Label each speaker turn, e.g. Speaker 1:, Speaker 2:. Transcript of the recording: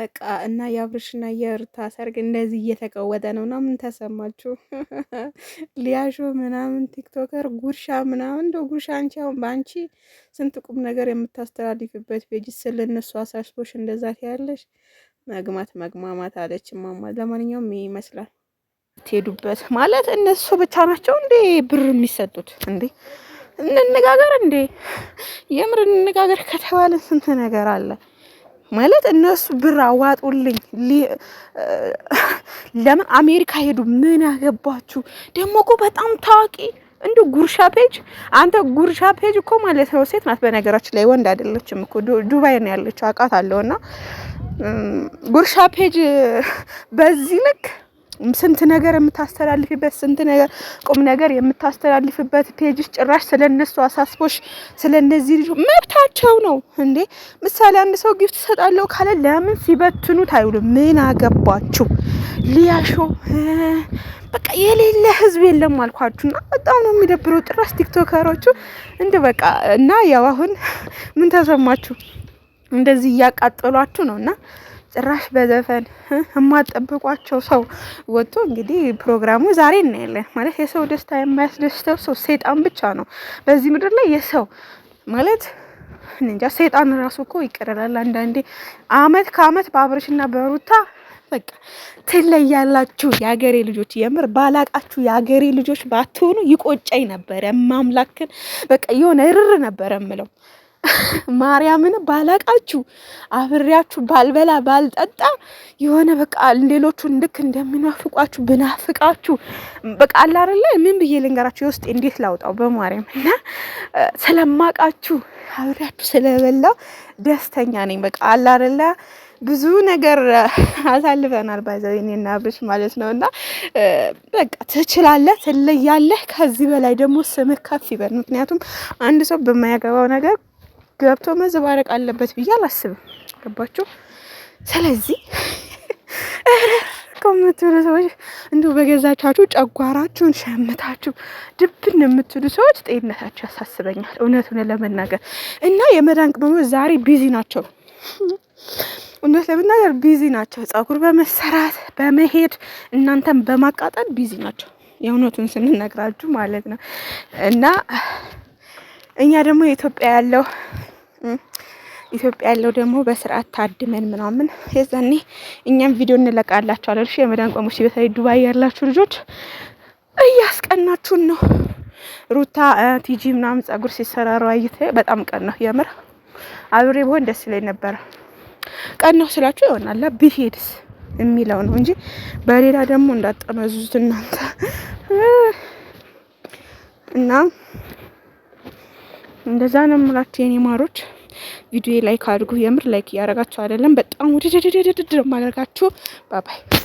Speaker 1: በቃ እና የአብርሽና የእርታ ሰርግ እንደዚህ እየተቀወጠ ነው እና ምን ተሰማችሁ? ሊያሾ ምናምን ቲክቶከር ጉርሻ ምናምን እንደ ጉርሻ አንቺ አሁን በአንቺ ስንት ቁም ነገር የምታስተላልፍበት ቤጅ እነሱ አሳስቦሽ እንደዛ ያለሽ መግማት መግማማት አለች ማማ። ለማንኛውም ይመስላል ትሄዱበት ማለት እነሱ ብቻ ናቸው እንዴ ብር የሚሰጡት እንዴ? እንነጋገር እንዴ የምር እንነጋገር ከተባለ ስንት ነገር አለ። ማለት እነሱ ብር አዋጡልኝ ለምን አሜሪካ ሄዱ? ምን ያገባችሁ? ደግሞ እኮ በጣም ታዋቂ እንደ ጉርሻ ፔጅ። አንተ ጉርሻ ፔጅ እኮ ማለት ነው ሴት ናት፣ በነገራችን ላይ ወንድ አይደለችም እኮ ዱባይ ነው ያለችው፣ አውቃታለሁ። እና ጉርሻ ፔጅ በዚህ ልክ ስንት ነገር የምታስተላልፊበት ስንት ነገር ቁም ነገር የምታስተላልፍበት ፔጅሽ ጭራሽ ስለነሱ አሳስቦሽ ስለነዚህ ልጅ መብታቸው ነው እንዴ። ምሳሌ አንድ ሰው ጊፍት ሰጣለሁ ካለ ለምን ሲበትኑት አይውሉም? ምን አገባችሁ ሊያሾ በቃ የሌለ ህዝብ የለም አልኳችሁና፣ በጣም ነው የሚደብረው። ጭራሽ ቲክቶከሮቹ እንደ በቃ እና ያው አሁን ምን ተሰማችሁ? እንደዚህ እያቃጠሏችሁ ነው እና ጭራሽ በዘፈን የማጠብቋቸው ሰው ወጥቶ እንግዲህ ፕሮግራሙ ዛሬ እናያለን። ማለት የሰው ደስታ የማያስደስተው ሰው ሰይጣን ብቻ ነው በዚህ ምድር ላይ የሰው ማለት እንጃ። ሰይጣን ራሱ እኮ ይቀረላል አንዳንዴ። አመት ከአመት በአብርሽና በሩታ በቃ ትለያላችሁ የአገሬ ልጆች። የምር ባላቃችሁ የአገሬ ልጆች ባትሆኑ ይቆጨኝ ነበረ። ማምላክን በቃ የሆነ እርር ነበረ ምለው ማርያምን ባላቃችሁ አብሬያችሁ ባልበላ ባልጠጣ የሆነ በቃ ሌሎቹ ልክ እንደሚናፍቋችሁ ብናፍቃችሁ በቃ አላርለ ምን ብዬ ልንገራችሁ፣ የውስጥ እንዴት ላውጣው በማርያም እና ስለማቃችሁ አብሬያችሁ ስለበላው ደስተኛ ነኝ። በቃ አላርለ ብዙ ነገር አሳልፈናል። ባይዘው እኔና አብርሽ ማለት ነው እና በቃ ትችላለህ፣ ትለያለህ። ከዚህ በላይ ደግሞ ስምህ ከፍ ይበል። ምክንያቱም አንድ ሰው በማያገባው ነገር ገብቶ መዘባረቅ አለበት ብዬ አላስብም። ገባችሁ? ስለዚህ ከምትሉ ሰዎች እንዲሁ በገዛቻችሁ ጨጓራችሁን ሸምታችሁ ድብን የምትሉ ሰዎች ጤንነታችሁ ያሳስበኛል፣ እውነቱን ለመናገር እና የመዳን ቅመሞች ዛሬ ቢዚ ናቸው። እውነት ለመናገር ቢዚ ናቸው። ጸጉር በመሰራት በመሄድ እናንተን በማቃጠል ቢዚ ናቸው። የእውነቱን ስንነግራችሁ ማለት ነው እና እኛ ደግሞ የኢትዮጵያ ያለው ኢትዮጵያ ያለው ደግሞ በስርዓት ታድመን ምናምን የዛኔ እኛም ቪዲዮ እንለቃላችኋለን። እሺ የመዳን ቆሞች በተለይ ዱባይ ያላችሁ ልጆች እያስቀናችሁን ነው። ሩታ ቲጂ ምናምን ጸጉር ሲሰራሩ አይተ በጣም ቀን ነው የምር አብሬ ብሆን ደስ ይለኝ ነበረ። ቀን ነው ስላችሁ ይሆናል ብሄድስ የሚለው ነው እንጂ በሌላ ደግሞ እንዳጠመዙት እናንተ እና እንደዛ ነው የምላችሁ የኔ ማሮች። ቪዲዮ ላይክ አድርጉ። የምር ላይክ እያደረጋችሁ አይደለም፣ በጣም ውድድድድድድ ነው የማደርጋችሁ። ባባይ